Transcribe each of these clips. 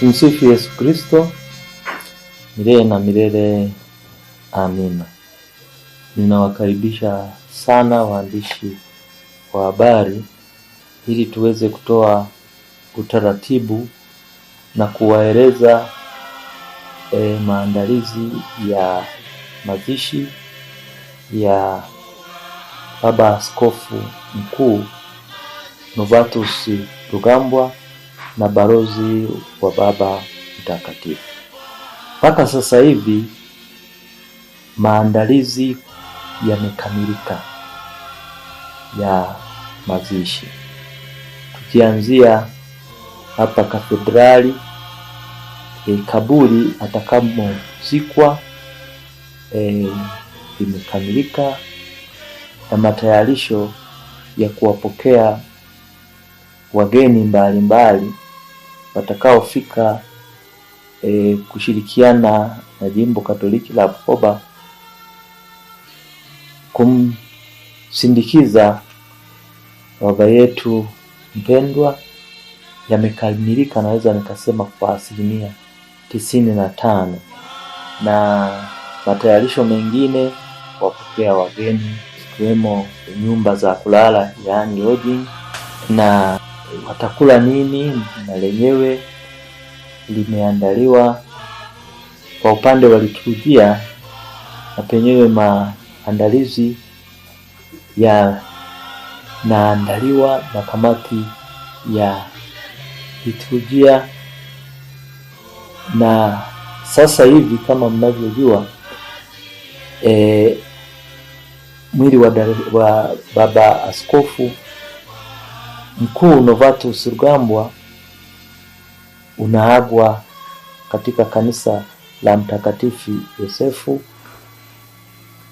Tumsifu Yesu Kristo milele na milele. Amina. Ninawakaribisha sana waandishi wa habari ili tuweze kutoa utaratibu na kuwaeleza e, maandalizi ya mazishi ya Baba Askofu Mkuu Novatus Rugambwa na balozi wa Baba Mtakatifu. Mpaka sasa hivi maandalizi yamekamilika ya mazishi, tukianzia hapa kathedrali e, eh, kaburi atakamozikwa e, eh, na matayarisho ya kuwapokea wageni mbalimbali mbali watakaofika e, kushirikiana na jimbo Katoliki la Bukoba kumsindikiza baba yetu mpendwa yamekamilika, naweza nikasema kwa asilimia tisini na tano, na matayarisho mengine wapokea wageni ikiwemo nyumba za kulala yaani lodging na watakula nini, na lenyewe limeandaliwa kwa upande wa liturujia na penyewe maandalizi yanaandaliwa na kamati ya liturujia. Na sasa hivi kama mnavyojua, e, mwili wa, wa Baba Askofu mkuu Novatus Rugambwa unaagwa katika kanisa la Mtakatifu Yosefu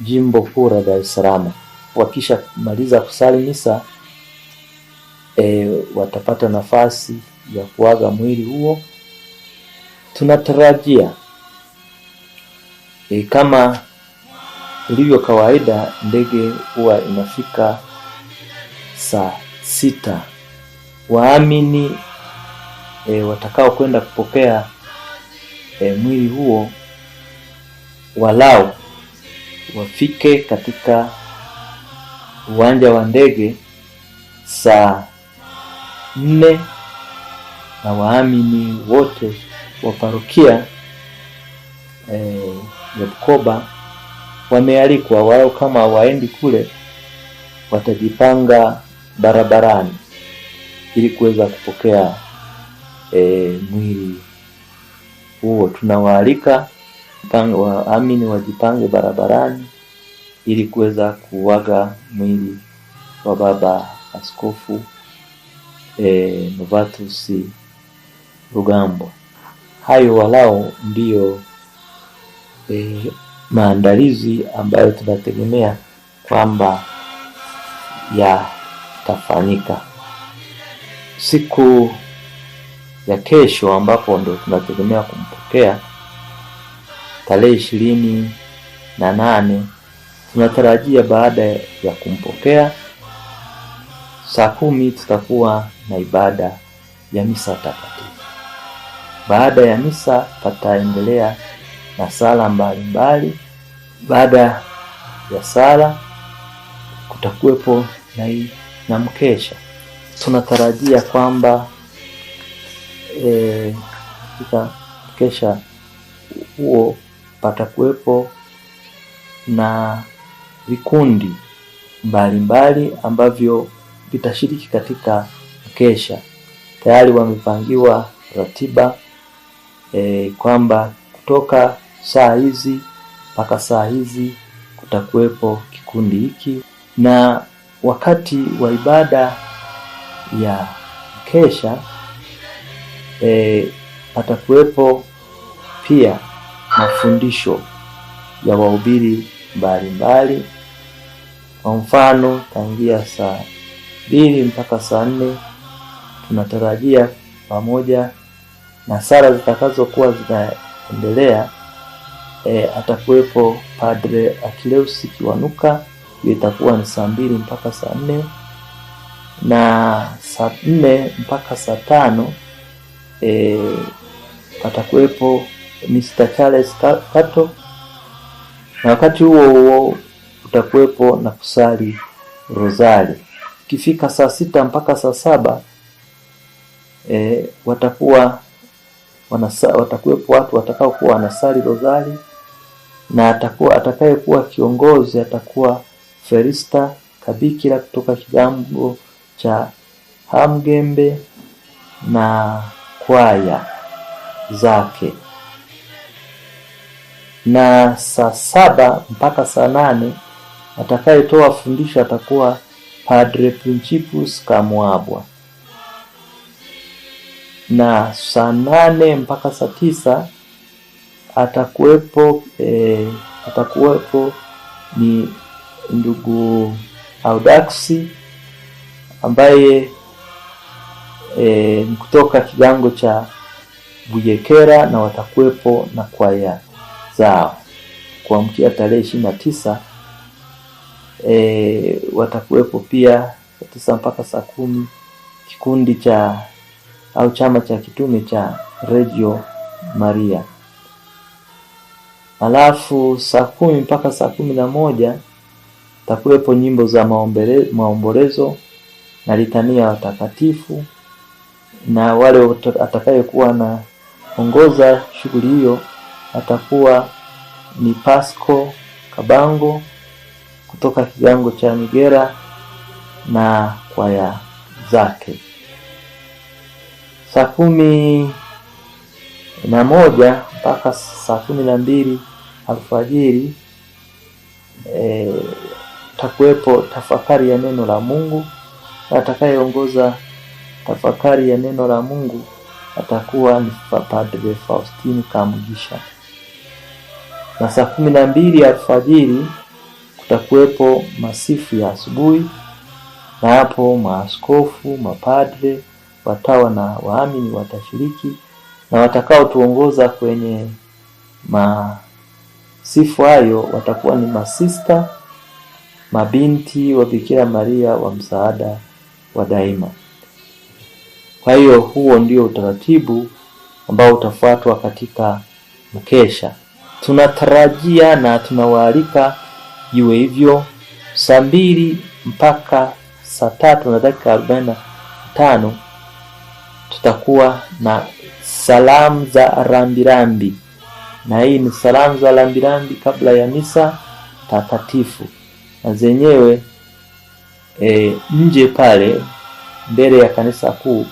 jimbo kuu la Dar es Salaam. Wakisha maliza kusali misa e, watapata nafasi ya kuaga mwili huo. Tunatarajia e, kama ilivyo kawaida, ndege huwa inafika saa sita waamini e, watakao kwenda kupokea e, mwili huo walau wafike katika uwanja wa ndege saa nne na waamini wote wa parokia e, ya Bukoba wamealikwa, wao kama waendi kule watajipanga barabarani ili kuweza kupokea e, mwili huo. Tunawaalika waamini wajipange barabarani ili kuweza kuwaga mwili wa Baba Askofu e, Novatus Rugambwa. Hayo walao ndiyo e, maandalizi ambayo tunategemea kwamba ya kitafanyika siku ya kesho, ambapo ndio tunategemea kumpokea tarehe ishirini na nane. Tunatarajia baada ya kumpokea saa kumi tutakuwa na ibada ya misa takatifu. Baada ya misa pataendelea na sala mbalimbali. Baada ya sala kutakuwepo na hii na mkesha. Tunatarajia kwamba e, katika mkesha huo patakuwepo na vikundi mbalimbali ambavyo vitashiriki katika mkesha. Tayari wamepangiwa ratiba e, kwamba kutoka saa hizi mpaka saa hizi kutakuwepo kikundi hiki na wakati wa ibada ya kesha e, patakuwepo pia mafundisho ya wahubiri mbalimbali. Kwa mfano, tangia saa mbili mpaka saa nne tunatarajia pamoja na sala zitakazokuwa zinaendelea e, atakuwepo Padre akileusi Kiwanuka hiyo itakuwa ni saa mbili mpaka saa nne na saa nne mpaka saa tano e, atakuwepo Mr. Charles Kato, na wakati huo huo utakuwepo na kusali rozari. kifika saa sita mpaka saa saba e, watakuwa wanasa, watakuwepo watu watakaokuwa wanasali rozari na atakuwa atakayekuwa kiongozi atakuwa Felista Kabikira kutoka kigango cha Hamgembe na kwaya zake na saa saba mpaka saa nane atakayetoa fundisho atakuwa Padre Principus Kamwabwa, na saa nane mpaka saa tisa atakuwepo eh, atakuwepo ni ndugu Audax ambaye e, kutoka kigango cha Buyekera na watakuwepo na kwaya zao kuamkia tarehe ishirini na tisa e, watakuwepo pia saa tisa mpaka saa kumi kikundi cha au chama cha kitume cha Radio Maria. Alafu saa kumi mpaka saa kumi na moja Takuwepo nyimbo za maombolezo na litania watakatifu, na wale atakayekuwa anaongoza shughuli hiyo atakuwa ni Pasco Kabango kutoka kigango cha Migera na kwaya zake. Saa kumi na moja mpaka saa kumi na mbili alfajiri eh, takuwepo tafakari ya neno la Mungu, na atakayeongoza tafakari ya neno la Mungu atakuwa ni Padre Faustini Kamugisha. Na saa kumi na mbili alfajiri kutakuwepo masifu ya asubuhi, na hapo maaskofu, mapadre, watawa na waamini watashiriki, na watakaotuongoza kwenye masifu hayo watakuwa ni masista mabinti wa Bikira Maria wa msaada wa daima. Kwa hiyo huo ndio utaratibu ambao utafuatwa katika mkesha. Tunatarajia na tunawaalika iwe hivyo saa mbili mpaka saa tatu na dakika arobaini na tano tutakuwa na salamu za rambirambi, na hii ni salamu za rambirambi kabla ya misa takatifu na zenyewe e, nje pale mbele ya kanisa kuu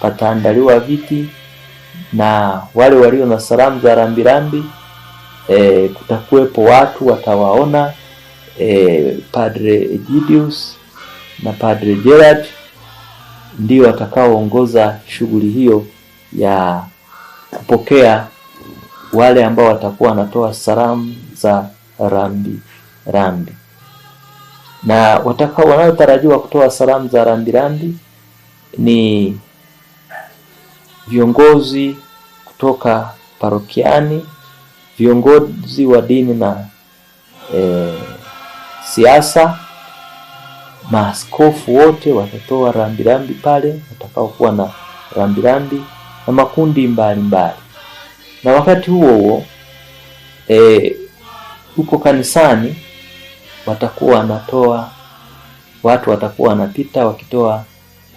pataandaliwa viti na wale walio na salamu za rambirambi e, kutakuwepo watu watawaona e, Padre Egidius na Padre Gerard ndio watakaoongoza shughuli hiyo ya kupokea wale ambao watakuwa wanatoa salamu za rambi rambi na watakao wanaotarajiwa kutoa salamu za rambirambi ni viongozi kutoka parokiani, viongozi wa dini na e, siasa. Maaskofu wote watatoa rambirambi pale watakaokuwa na rambirambi na makundi mbalimbali mbali. Na wakati huo huo e, huko kanisani watakuwa wanatoa, watu watakuwa wanapita wakitoa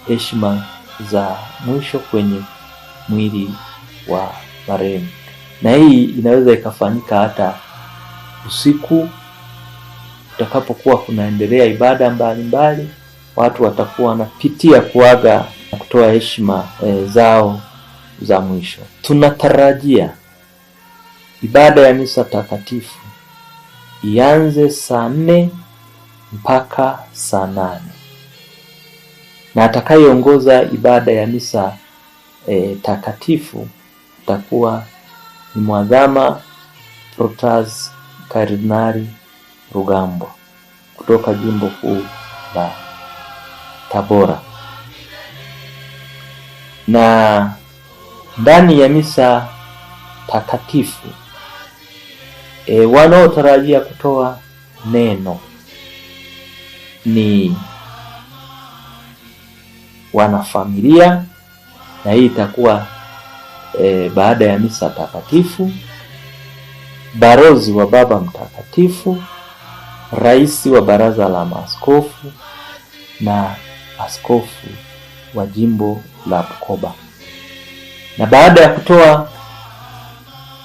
heshima za mwisho kwenye mwili wa marehemu, na hii inaweza ikafanyika hata usiku utakapokuwa kunaendelea ibada mbalimbali mbali, watu watakuwa wanapitia kuaga na kutoa heshima e, zao za mwisho. Tunatarajia ibada ya misa takatifu ianze saa nne mpaka saa nane na atakayeongoza ibada ya misa e, takatifu atakuwa ni mwadhama Protas Kardinari Rugambwa kutoka jimbo kuu la Tabora. Na ndani ya misa takatifu e, wanaotarajia kutoa neno ni wanafamilia, na hii itakuwa e, baada ya misa takatifu, barozi wa Baba Mtakatifu, rais wa baraza la maaskofu na askofu wa jimbo la Bukoba. Na baada ya kutoa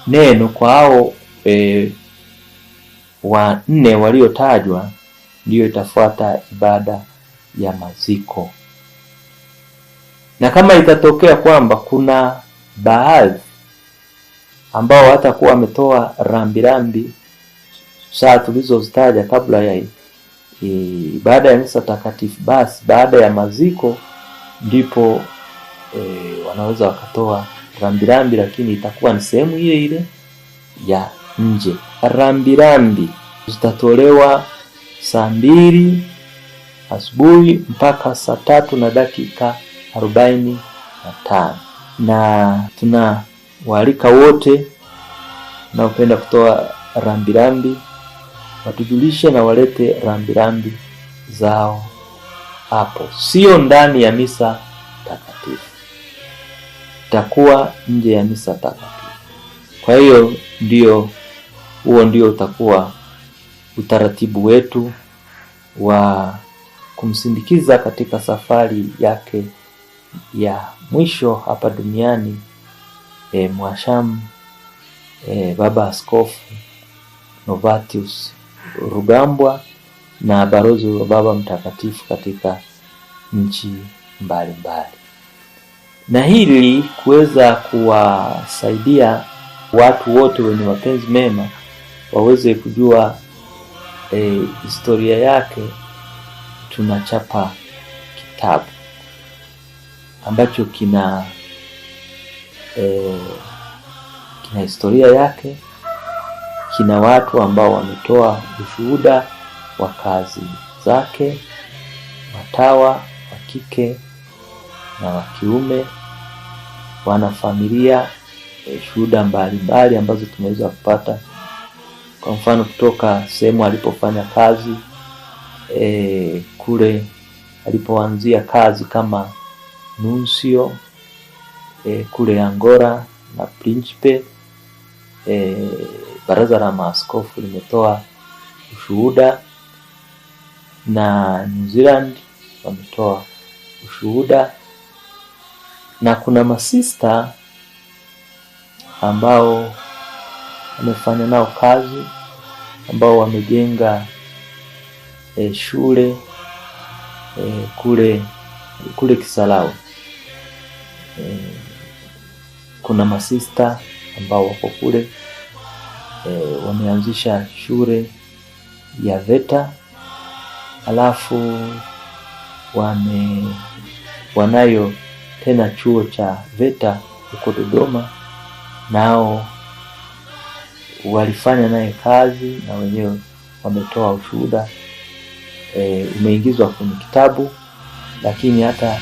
neno kwa hao e, wa nne waliotajwa ndiyo itafuata ibada ya maziko. Na kama itatokea kwamba kuna baadhi ambao hatakuwa wametoa rambirambi saa tulizozitaja kabla ya ibada ya misa takatifu, basi baada ya maziko ndipo e, wanaweza wakatoa rambirambi, lakini itakuwa ni sehemu ile ile ya nje. Rambirambi zitatolewa saa mbili asubuhi mpaka saa tatu na dakika arobaini na tano na waalika wote naopenda kutoa rambirambi watujulishe na walete rambirambi zao hapo, sio ndani ya misa takatifu, itakuwa nje ya misa takatifu. Kwa hiyo ndiyo huo ndio utakuwa utaratibu wetu wa kumsindikiza katika safari yake ya mwisho hapa duniani. E, eh, Mhashamu e, eh, Baba Askofu Novatius Rugambwa na balozi wa Baba Mtakatifu katika nchi mbalimbali mbali. Na hili kuweza kuwasaidia watu wote wenye mapenzi mema waweze kujua e, historia yake. Tunachapa kitabu ambacho kina e, kina historia yake, kina watu ambao wametoa ushuhuda wa kazi zake, watawa wa kike na wa kiume, wanafamilia, e, shuhuda mbalimbali ambazo tumeweza kupata kwa mfano kutoka sehemu alipofanya kazi e, kule alipoanzia kazi kama nuncio e, kule Angola na Principe e, baraza la maaskofu limetoa ushuhuda na New Zealand wametoa ushuhuda na kuna masista ambao amefanya nao kazi, ambao wamejenga e, shule e, kule kule Kisarawe e, kuna masista ambao wako kule e, wameanzisha shule ya VETA alafu wame wanayo tena chuo cha VETA huko Dodoma nao walifanya naye kazi na wenyewe wametoa ushuhuda e, umeingizwa kwenye kitabu, lakini hata